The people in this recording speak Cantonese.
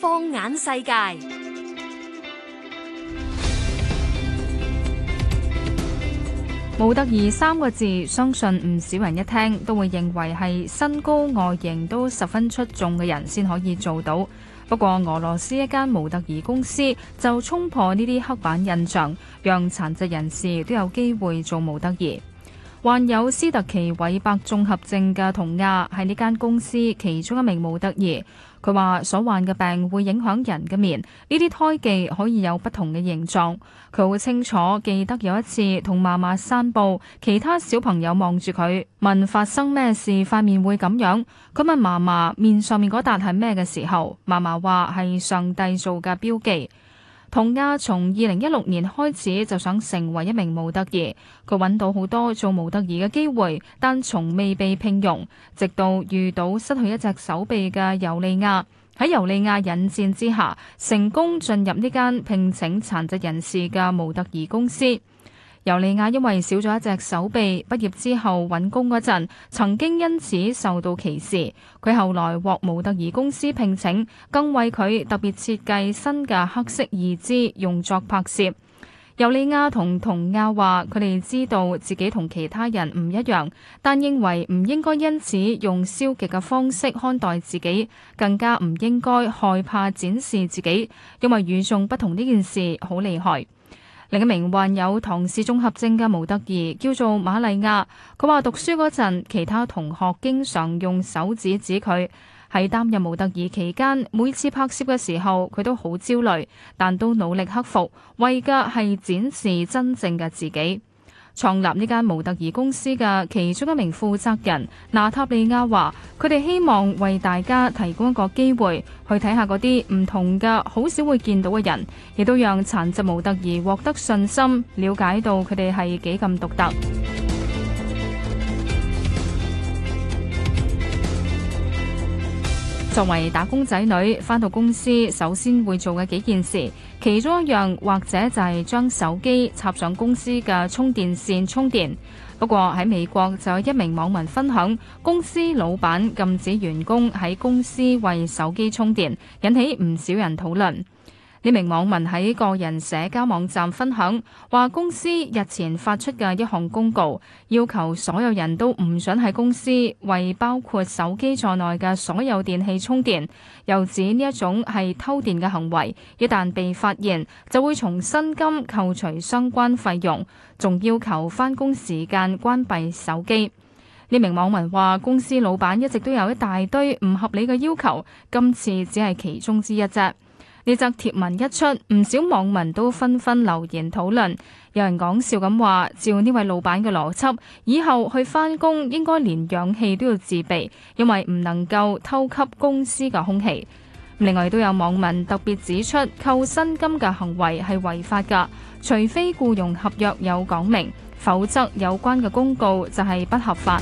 放眼世界，模特兒三個字，相信唔少人一聽都會認為係身高、外形都十分出眾嘅人先可以做到。不過，俄羅斯一間模特兒公司就衝破呢啲黑板印象，讓殘疾人士都有機會做模特兒。患有斯特奇韋伯綜合症嘅童亞係呢間公司其中一名模特兒。佢話所患嘅病會影響人嘅面，呢啲胎記可以有不同嘅形狀。佢好清楚記得有一次同媽媽散步，其他小朋友望住佢，問發生咩事，塊面會咁樣。佢問媽媽面上面嗰笪係咩嘅時候，媽媽話係上帝做嘅標記。同亞從二零一六年開始就想成為一名模特兒，佢揾到好多做模特兒嘅機會，但從未被聘用。直到遇到失去一隻手臂嘅尤利亞，喺尤利亞引薦之下，成功進入呢間聘請殘疾人士嘅模特兒公司。尤利亞因為少咗一隻手臂，畢業之後揾工嗰陣，曾經因此受到歧視。佢後來獲模特兒公司聘請，更為佢特別設計新嘅黑色義肢，用作拍攝。尤利亞同同亞話，佢哋知道自己同其他人唔一樣，但認為唔應該因此用消極嘅方式看待自己，更加唔應該害怕展示自己，因為與眾不同呢件事好厲害。另一名患有唐氏綜合症嘅模特兒叫做瑪麗亞，佢話讀書嗰陣，其他同學經常用手指指佢。喺擔任模特兒期間，每次拍攝嘅時候，佢都好焦慮，但都努力克服，為嘅係展示真正嘅自己。創立呢間模特兒公司嘅其中一名負責人娜塔莉亞話，佢哋希望為大家提供一個機會去睇下嗰啲唔同嘅、好少會見到嘅人，亦都讓殘疾模特兒獲得信心，了解到佢哋係幾咁獨特。作為打工仔女，返到公司首先會做嘅幾件事，其中一樣或者就係將手機插上公司嘅充電線充電。不過喺美國就有一名網民分享，公司老闆禁止員工喺公司為手機充電，引起唔少人討論。呢名網民喺個人社交網站分享，話公司日前發出嘅一項公告，要求所有人都唔准喺公司為包括手機在內嘅所有電器充電，又指呢一種係偷電嘅行為，一旦被發現就會從薪金扣除相關費用，仲要求翻工時間關閉手機。呢名網民話：公司老闆一直都有一大堆唔合理嘅要求，今次只係其中之一隻。呢則貼文一出，唔少網民都紛紛留言討論。有人講笑咁話，照這位老闆嘅邏輯，以後去返工應該連氧氣都要自備，因為唔能夠偷吸公司嘅空氣。另外，都有網民特別指出，扣薪金嘅行為係違法㗎，除非僱傭合約有講明，否則有關嘅公告就係不合法。